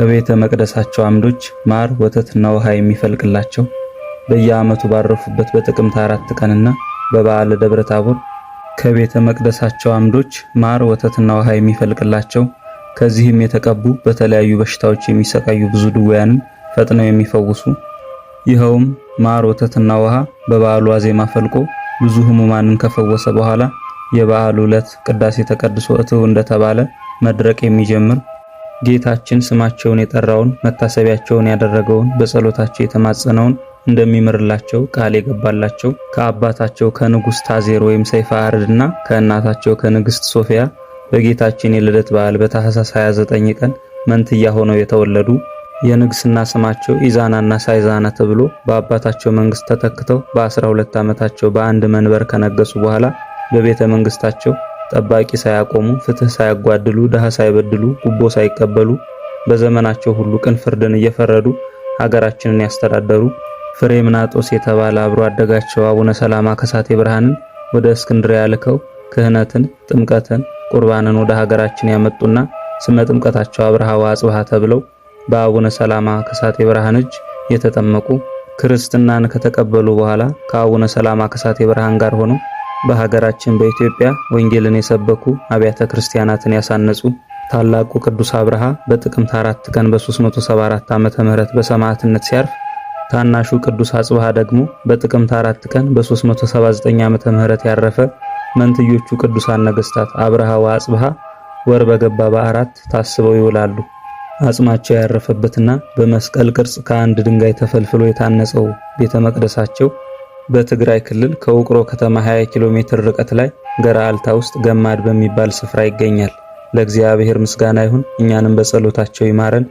ከቤተ መቅደሳቸው አምዶች ማር ወተትና ውሃ የሚፈልቅላቸው በየዓመቱ ባረፉበት በጥቅምት አራት ቀንና በበዓለ ደብረ ታቦር ከቤተ መቅደሳቸው አምዶች ማር ወተትና ውሃ የሚፈልቅላቸው ከዚህም የተቀቡ በተለያዩ በሽታዎች የሚሰቃዩ ብዙ ድውያንን ፈጥነው የሚፈውሱ ይኸውም ማር ወተትና ውሃ በበዓሉ ዋዜማ ፈልቆ ብዙ ህሙማንን ከፈወሰ በኋላ የበዓሉ ዕለት ቅዳሴ ተቀድሶ እትው እንደተባለ መድረቅ የሚጀምር ጌታችን ስማቸውን የጠራውን መታሰቢያቸውን ያደረገውን በጸሎታቸው የተማጸነውን እንደሚምርላቸው ቃል የገባላቸው ከአባታቸው ከንጉሥ ታዜር ወይም ሰይፈ አርድና ከእናታቸው ከንግሥት ሶፊያ በጌታችን የልደት በዓል በታኅሳስ 29 ቀን መንትያ ሆነው የተወለዱ የንግስና ስማቸው ኢዛናና ሳይዛና ተብሎ በአባታቸው መንግስት ተተክተው በ12 ዓመታቸው በአንድ መንበር ከነገሱ በኋላ በቤተ መንግስታቸው ጠባቂ ሳያቆሙ፣ ፍትህ ሳያጓድሉ፣ ድሃ ሳይበድሉ፣ ጉቦ ሳይቀበሉ በዘመናቸው ሁሉ ቅን ፍርድን እየፈረዱ ሀገራችንን ያስተዳደሩ ፍሬ ምናጦስ የተባለ አብሮ አደጋቸው አቡነ ሰላማ ከሳቴ ብርሃንን ወደ እስክንድሪያ ልከው ክህነትን፣ ጥምቀትን፣ ቁርባንን ወደ ሀገራችን ያመጡና ስመ ጥምቀታቸው አብርሃ ወአጽብሃ ተብለው በአቡነ ሰላማ ከሳቴ ብርሃን እጅ የተጠመቁ ክርስትናን ከተቀበሉ በኋላ ከአቡነ ሰላማ ከሳቴ ብርሃን ጋር ሆነው በሀገራችን በኢትዮጵያ ወንጌልን የሰበኩ አብያተ ክርስቲያናትን ያሳነጹ ታላቁ ቅዱስ አብርሃ በጥቅምት 4 ቀን በ374 ዓመተ ምህረት በሰማዕትነት ሲያርፍ ታናሹ ቅዱስ አጽብሃ ደግሞ በጥቅምት 4 ቀን በ379 ዓመተ ምህረት ያረፈ መንትዮቹ ቅዱሳን ነገስታት። አብርሃ ወአጽብሃ ወር በገባ በአራት ታስበው ይውላሉ። አጽማቸው ያረፈበትና በመስቀል ቅርጽ ከአንድ ድንጋይ ተፈልፍሎ የታነጸው ቤተ መቅደሳቸው በትግራይ ክልል ከውቅሮ ከተማ 20 ኪሎ ሜትር ርቀት ላይ ገራአልታ ውስጥ ገማድ በሚባል ስፍራ ይገኛል። ለእግዚአብሔር ምስጋና ይሁን፣ እኛንም በጸሎታቸው ይማረን።